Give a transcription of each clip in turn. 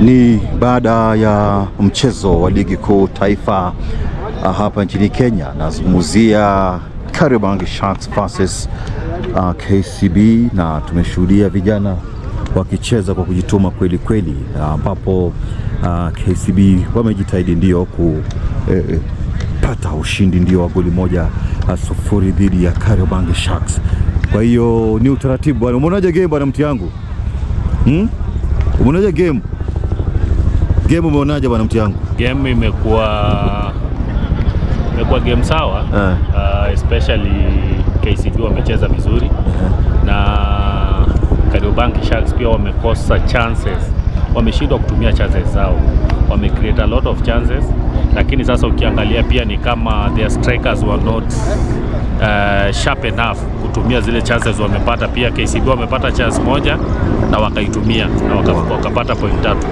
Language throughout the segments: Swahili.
Ni baada ya mchezo wa ligi kuu taifa ah, hapa nchini Kenya. Nazungumzia Kariobangi Sharks versus uh, ah, KCB, na tumeshuhudia vijana wakicheza kwa kujituma kweli kweli, ah, ambapo uh, KCB wamejitahidi ndio kupata eh, eh ushindi ndio wa goli moja sufuri dhidi ya Kariobangi Sharks. Kwa hiyo ni utaratibu bwana. Umeonaje game bwana, mti yangu hmm? Umeonaje game? Game umeonaje bwana mtu yangu? Game imekuwa imekuwa game sawa yeah. Uh, especially KCB wamecheza vizuri yeah. Na Kariobangi Sharks pia wamekosa chances, wameshindwa kutumia chances zao, create a lot of chances, lakini sasa ukiangalia pia ni kama their strikers were not uh, sharp enough kutumia zile chances wamepata. Pia KCB wamepata chance moja na wakaitumia na wakapata waka point tatu.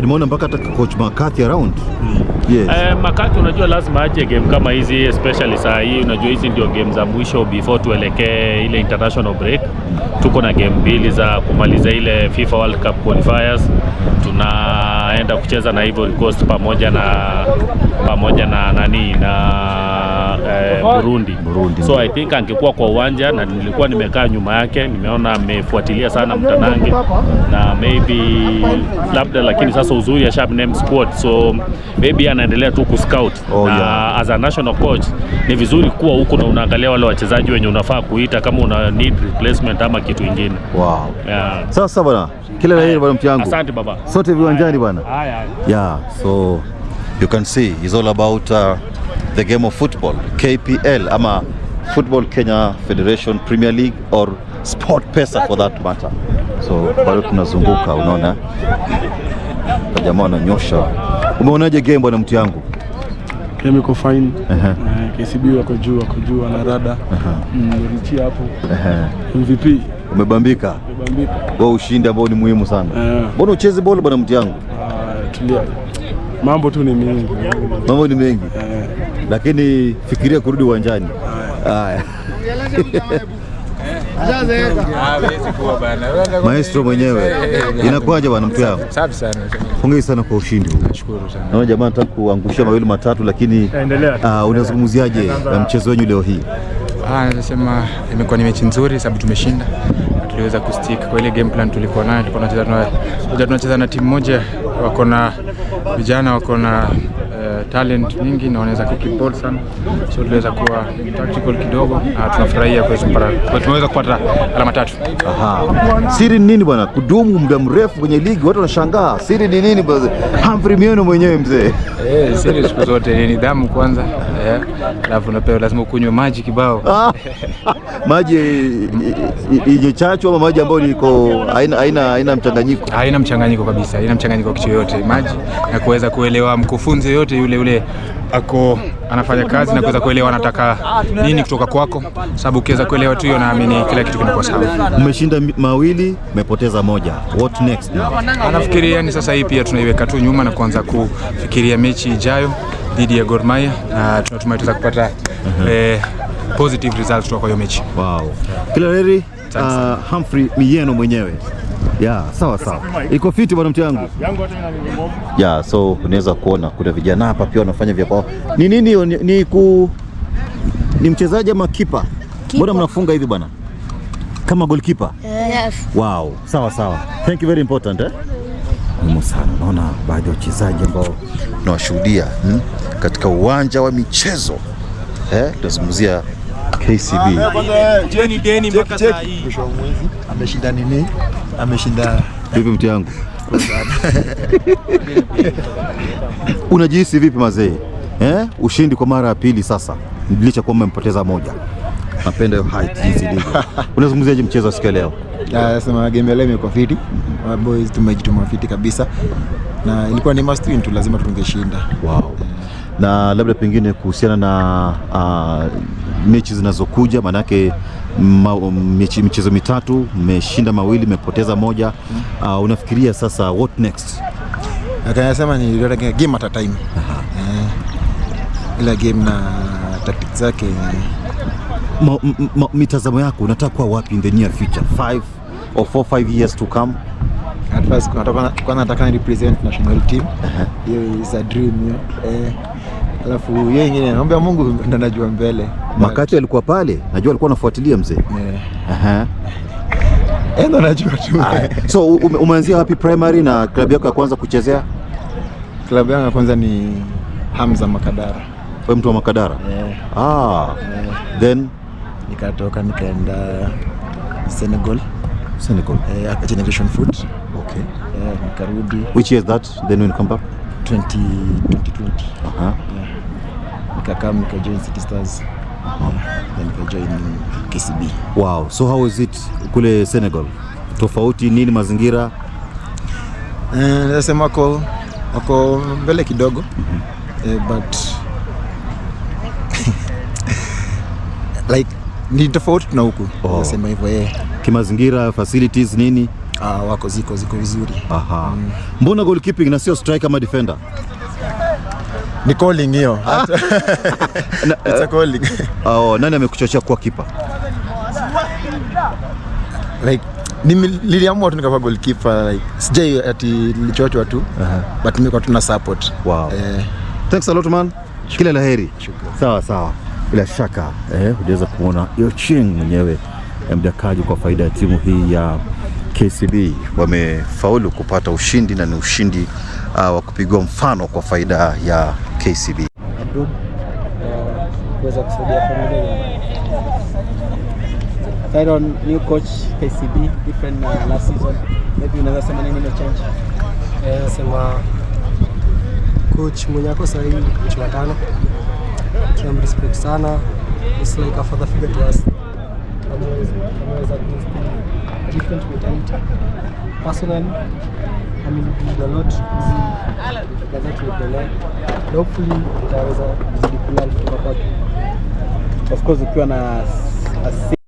Nimeona mpaka hata coach Makati around hmm. yes. Uh, eh, Makati unajua lazima aje game kama hizi especially saa hii, unajua hizi ndio game za mwisho before tuelekee ile international break. Tuko na game mbili za kumaliza ile FIFA World Cup qualifiers, tunaenda kucheza na Ivory Coast pamoja na pamoja na nani na uh, Burundi. Burundi. So I think angekuwa kwa uwanja na nilikuwa nimekaa nyuma yake, nimeona amefuatilia sana mtanange na maybe labda, lakini sasa uzuri ya sharp name squad, so maybe anaendelea tu kuscout oh, na yeah. As a national coach ni vizuri kuwa huko na unaangalia wale wachezaji wenye unafaa kuita kama una need replacement ama kitu ingine. Wow. Yeah. Sasa bwana, kila la heri bwana mtiangu. Asante baba. Sote viwanjani bwana. Haya. Yeah, so you can see it's all about uh, the game of football KPL ama Football Kenya Federation Premier League or Sport Pesa for that matter. So bado tunazunguka, unaona jamaa wananyosha. Umeonaje game bwana mtu yangu? Game iko fine. Eh, KCB wako juu, wako juu na rada. Richi mm, hapo. MVP. Umebambika. Umebambika. Wewe ushindi ambao ni muhimu sana. Eh. Mbona ucheze ball bwana mtu yangu? Ah, tulia. Mambo tu ni mengi. Mambo ni mengi. Eh lakini fikiria kurudi uwanjani. Haya, maestro mwenyewe, inakuwaje bwana? Mtu yangu pongezi sana kwa ushindi huu. Naona jamaa nataka kuangushia mawili matatu, lakini ah, unazungumziaje mchezo wenyu leo hii? Ah, Nasema imekuwa ni mechi nzuri sababu tumeshinda tuliweza kustick kwa ile game plan tulikuwa nayo. Tulikuwa tunacheza tunacheza na timu moja, wako na vijana wako na talent nyingi na wanaweza kick ball sana, so tuliweza kuwa tactical kidogo na tunafurahia kwa tumeweza kupata alama tatu. Aha, siri ni nini bwana, kudumu muda mrefu kwenye ligi? Watu wanashangaa siri ni nini bwana? Humphrey Mioyo mwenyewe mzee. Eh, siri siku zote ni nidhamu kwanza, eh, alafu napewa lazima ukunywe maji kibao ah. maji yenye chachu ama maji ambayo iko haina haina haina mchanganyiko, haina mchanganyiko kabisa, haina mchanganyiko kitu yoyote, maji na kuweza kuelewa mkufunzi yoyote yule yule yule ako anafanya kazi na kuweza kuelewa anataka nini kutoka kwako, sababu ukiweza kuelewa tu hiyo, naamini kila kitu kinakuwa sawa. Mmeshinda mawili, umepoteza moja, what next now? Anafikiria yani, sasa hii pia tunaiweka tu nyuma na kuanza kufikiria mechi ijayo dhidi ya Gor Mahia, na tunatumai tuweza kupata uh mhm. -huh. eh, positive results kutoka kwa hiyo mechi. Wow. Kila heri, uh, Humphrey Mieno mwenyewe Yeah, sawa sawa, iko fiti bwana, mtu yangu yeah. So unaweza kuona kuna vijana hapa pia wanafanya vya kwao. Ni nini? Ni, ni, ku... ni mchezaji ama kipa? Mbona mnafunga hivi bwana, kama goalkeeper? Yes. Wow, sawa sawa, thank you very important eh? Muhimu sana. Naona baadhi ya wachezaji ambao tunawashuhudia hmm? katika uwanja wa michezo eh, tunazungumzia KCB. Jeni Deni mpaka sasa hii ameshinda nini? ameshinda. Vipi mtu yangu? Unajihisi vipi mazee? Eh? Ushindi kwa mara ya pili sasa, licha kwamba mmempoteza moja. Napenda hiyo height jinsi ilivyo. Unazungumziaje mchezo wa siku ya leo? Ah, nasema game leo imekuwa fiti. Boys tumejituma fiti kabisa na ilikuwa ni must win tu, lazima tungeshinda. Wow. Na labda pengine kuhusiana na uh, mechi zinazokuja maanake michezo mitatu, mmeshinda mawili, mmepoteza moja. Uh, unafikiria sasa what next? Akasema ni game at a time. Eh, Ila game na tactics zake. Mitazamo yako unataka kuwa wapi in the near future? 5 or 4 5 years to come? At first, kwa nataka ni represent national team. Hiyo is a dream. Eh alafu yeye ngine anaomba Mungu ndo najua mbele. Makati alikuwa pale, najua alikuwa anafuatilia mzee. Aha. Eh, ndo najua tu. Ah, so umeanzia wapi primary na klabu yako ya kwanza kuchezea? Klabu yangu ya kwanza ni Hamza Makadara. Wewe mtu wa Makadara? Yeah. Ah. Yeah. Then nikatoka nikaenda Senegal. Senegal. Eh, generation foot. Okay. Yeah, nikarudi. Which year is that? Then when you come back? 2020 uh -huh. nikajoin City Stars na nikajoin KCB. Wow, so how is it kule Senegal? Tofauti nini mazingira? Eh, Nasema uh, wako mbele kidogo mm -hmm. uh, but like ni tofauti na huku. Oh. Nasema hivyo eh. Kimazingira, facilities nini? uh, wako ziko ziko vizuri. Aha. Mm. Mbona goalkeeping na sio striker ama defender? Ni calling hiyo. Ah. It's a calling. Oh, nani amekuchochea kuwa kipa? Like niliamua tu nikavaa goalkeeper like sijai ati nilichochwa tu. Uh-huh. But nimekuwa tuna support. Wow. Eh. Thanks a lot man. Kila la laheri. Sawa sawa. Bila shaka eh, hujaweza kuona Yo Ching mwenyewe eh, mdakaji kwa faida ya timu hii ya KCB wamefaulu kupata ushindi na ni ushindi uh, wa kupigwa mfano kwa faida ya KCB. Uh, uh, sema eh, coach mwenye ako sasa hivi coach Tunam respect sana. It's like a father figure to us. Ameweza different mentality. Personally, I mean, with a lot easier gazeti endelea na hopefully nitaweza kuzidi kulala kutoka kwake, of course ukiwa na